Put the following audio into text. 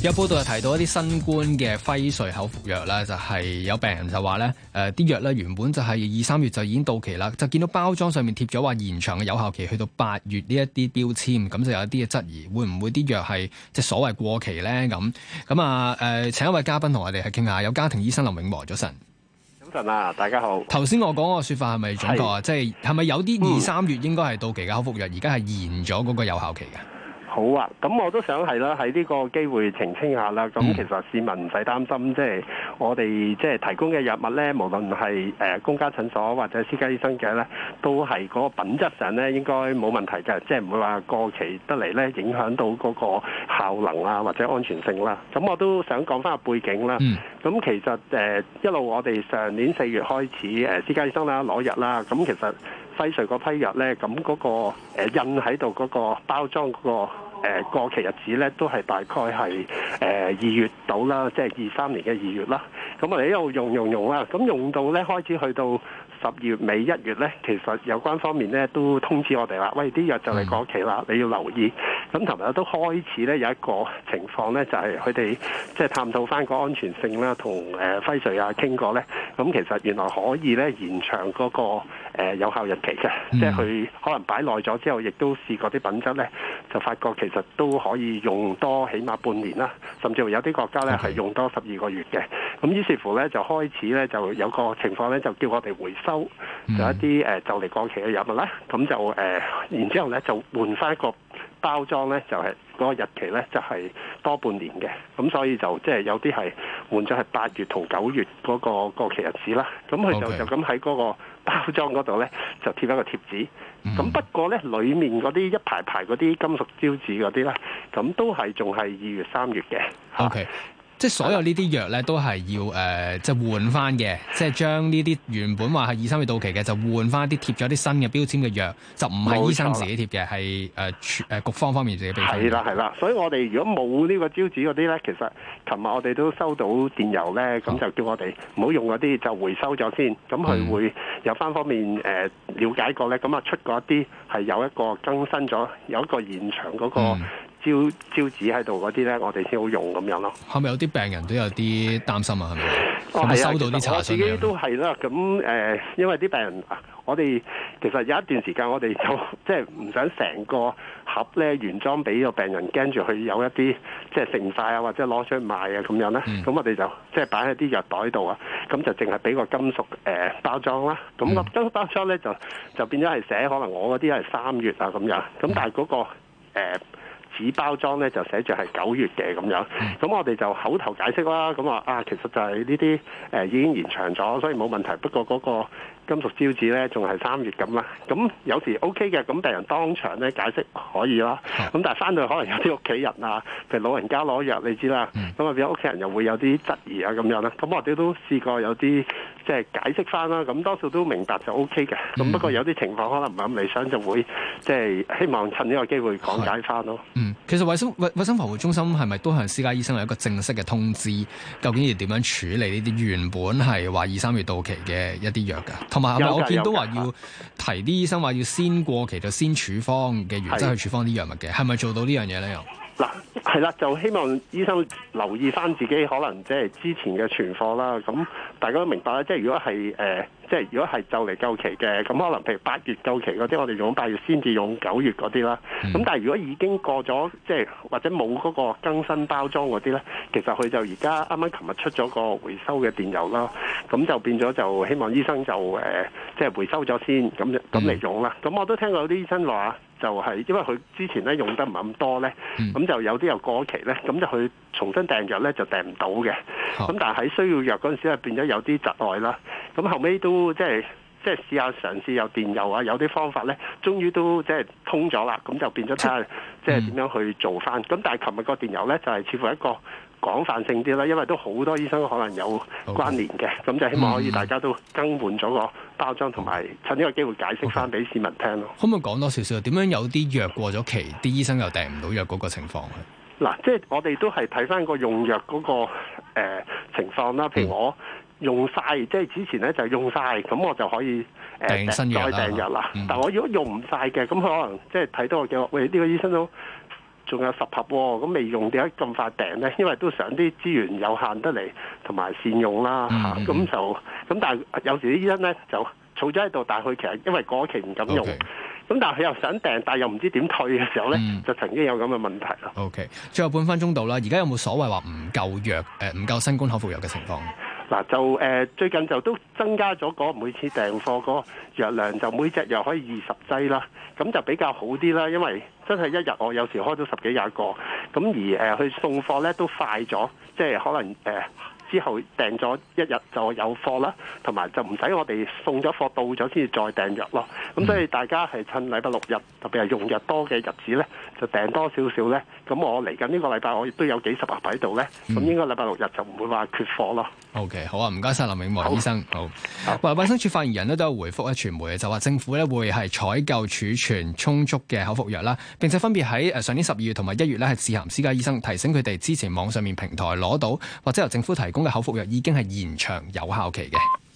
有報道又提到一啲新冠嘅輝瑞口服藥啦，就係、是、有病人就話咧，誒啲藥咧原本就係二三月就已經到期啦，就見到包裝上面貼咗話延長嘅有效期去到八月呢一啲標籤，咁就有一啲嘅質疑，會唔會啲藥係即係所謂過期咧？咁咁啊？誒、呃，請一位嘉賓同我哋去傾下，有家庭醫生林永和，早晨。早晨啊，大家好。頭先我講個說法係咪準確啊？即係係咪有啲二三月應該係到期嘅口服藥，而家係延咗嗰個有效期嘅？好啊，咁我都想係啦，喺呢個機會澄清下啦。咁其實市民唔使擔心，即係我哋即係提供嘅藥物呢，無論係誒公家診所或者私家醫生嘅呢，都係嗰個品質上呢應該冇問題嘅，即係唔會話過期得嚟呢影響到嗰個效能啦或者安全性啦。咁我都想講翻個背景啦。咁、嗯、其實誒一路我哋上年四月開始誒私家醫生啦攞藥啦，咁其實輝瑞嗰批藥呢，咁嗰個印喺度嗰個包裝嗰個。誒、呃、過期日子咧，都係大概係誒二月到啦，即係二三年嘅二月啦。咁我哋一路用用用啦，咁用到咧開始去到十月尾一月咧，其實有關方面咧都通知我哋啦，喂，啲藥就嚟過期啦，你要留意。咁琴日都開始咧有一個情況咧，就係佢哋即係探討翻個安全性啦，同誒、呃、輝瑞啊傾過咧。咁其實原來可以咧延長嗰、那個、呃、有效日期嘅，即係佢可能擺耐咗之後，亦都試過啲品質咧。就發覺其實都可以用多起碼半年啦，甚至乎有啲國家咧係 Okay. 用多十二個月嘅。咁於是乎咧就開始咧就有個情況咧就叫我哋回收就一啲誒、呃、就嚟過期嘅藥物啦。咁就誒、呃、然之後咧就換翻一個包裝咧，就係、是、嗰個日期咧就係、是、多半年嘅，咁所以就即係、就是、有啲係。換咗係八月同九月嗰、嗰個嗰個過期日子啦，咁佢就 Okay. 就咁喺嗰個包裝嗰度呢，就貼一個貼紙。咁、mm. 不過呢，裏面嗰啲一排一排嗰啲金屬招紙嗰啲呢，咁都係仲係二月三月嘅。Okay. 即係所有呢啲藥咧，都係要誒，即係換翻嘅，即係將呢啲原本話係二三月到期嘅，就換翻一啲貼咗啲新嘅標籤嘅藥，就唔係醫生自己貼嘅，係誒誒局方方面自己俾。係啦，係啦，所以我哋如果冇呢個招紙嗰啲咧，其實琴日我哋都收到電郵咧，咁就叫我哋唔好用嗰啲，就回收咗先。咁佢會有翻方面誒瞭解過咧，咁啊出過一啲係有一個更新咗，有一個延長嗰個。招招紙喺度嗰啲咧，我哋先好用咁樣咯。係咪有啲病人都有啲擔心啊？係咪？我、 哦、收到啲查詢，嗯、我自己都係啦。咁誒、呃，因為啲病人，我哋其實有一段時間我，我哋就即係唔想成個盒咧原裝俾個病人驚住，佢有一啲即係食唔晒啊，或者攞出去賣啊咁樣啦。咁、嗯、我哋就即係擺喺啲藥袋度啊。咁就淨係俾個金屬誒、呃、包裝啦。咁個金屬包裝咧，就就變咗係寫可能我嗰啲係三月啊咁樣。咁但係嗰、那個、嗯嗯紙包裝咧就寫住係九月嘅咁樣，咁我哋就口頭解釋啦，咁話啊其實就係呢啲誒已經延長咗，所以冇問題。不過嗰個金屬招紙咧仲係三月咁啦。咁有時 OK 嘅，咁病人當場咧解釋可以啦。咁但係翻到去可能有啲屋企人啊，譬如老人家攞藥你知啦，咁啊、嗯、變咗屋企人又會有啲質疑啊咁樣啦。咁我哋都試過有啲。即係解釋翻啦，咁多數都明白就 O K 嘅。咁不過有啲情況可能唔係咁理想，就會即係希望趁呢個機會講解翻咯。嗯，其實衞生衞衞生防護中心係咪都向私家醫生有一個正式嘅通知？究竟要點樣處理呢啲原本係話二三月到期嘅一啲藥㗎？同埋係咪我見都話要提啲醫生話要先過期就先處方嘅原則去處方啲藥物嘅？係咪做到呢樣嘢咧？又？嗱，係啦，就希望醫生留意翻自己可能即係之前嘅存貨啦。咁大家都明白啦，即係如果係誒、呃，即係如果係就嚟夠期嘅，咁可能譬如八月夠期嗰啲，我哋用八月先至用九月嗰啲啦。咁但係如果已經過咗，即係或者冇嗰個更新包裝嗰啲咧，其實佢就而家啱啱琴日出咗個回收嘅電郵啦。咁就變咗就希望醫生就誒，即、呃、係、就是、回收咗先，咁咁嚟用啦。咁、嗯、我都聽過有啲醫生話。就係、是、因為佢之前咧用得唔係咁多咧，咁、嗯、就有啲又過期咧，咁就去重新訂藥咧就訂唔到嘅。咁、嗯、但係喺需要藥嗰陣時咧變咗有啲窒礙啦。咁後尾都即係即係試下嘗試有電郵啊，有啲方法咧，終於都即係通咗啦。咁就變咗睇下即係點樣去做翻。咁、嗯、但係琴日個電郵咧就係、是、似乎一個廣泛性啲啦，因為都好多醫生可能有關聯嘅，咁的就希望可以大家都更換咗個包裝，同埋、嗯、趁呢個機會解釋翻俾市民聽咯。Okay. 可唔可以講多少少點樣有啲藥過咗期，啲醫生又訂唔到藥嗰個情況？嗱，即係我哋都係睇翻個用藥嗰、嗰個、呃、情況啦。譬、嗯、如我用晒，即係之前咧就用晒，咁我就可以、呃、訂新藥啦。藥啊、嗯、但我如果用唔晒嘅，咁可能即係睇多嘅，喂呢、呢個醫生都。仲有十盒喎、哦，咁未用點解咁快訂呢？因為都想啲資源有限得嚟，同埋善用啦嚇。咁、嗯嗯嗯、就咁，但係有時啲醫生呢就儲咗喺度，但係佢其實因為過期唔敢用。咁 Okay. 但係佢又想訂，但係又唔知點退嘅時候呢，嗯、就曾經有咁嘅問題咯。OK，最後半分鐘到啦，而家有冇所謂話唔夠藥誒，唔、呃、夠新冠口服藥嘅情況？嗱就誒、呃、最近就都增加咗個每次訂貨個藥量，就每隻藥可以二十劑啦，咁就比較好啲啦，因為真係一日我有時開咗十幾廿個，咁而誒、呃、去送貨咧都快咗，即係可能誒、呃、之後訂咗一日就有貨啦，同埋就唔使我哋送咗貨到咗先至再訂藥咯，咁所以大家係趁禮拜六日特別係用藥多嘅日子咧，就訂多少少咧。咁我嚟緊呢個禮拜，我亦都有幾十盒喺度呢。咁應該禮拜六日就唔會話缺貨咯。O K，好啊，唔該晒。林永和醫生，好。同、嗯、衞生署發言人都都有回覆一傳媒，就話政府咧會係採購儲存充足嘅口服藥啦，並且分別喺上年十二月同埋一月呢，係致函私家醫生，提醒佢哋之前網上面平台攞到或者由政府提供嘅口服藥已經係延長有效期嘅。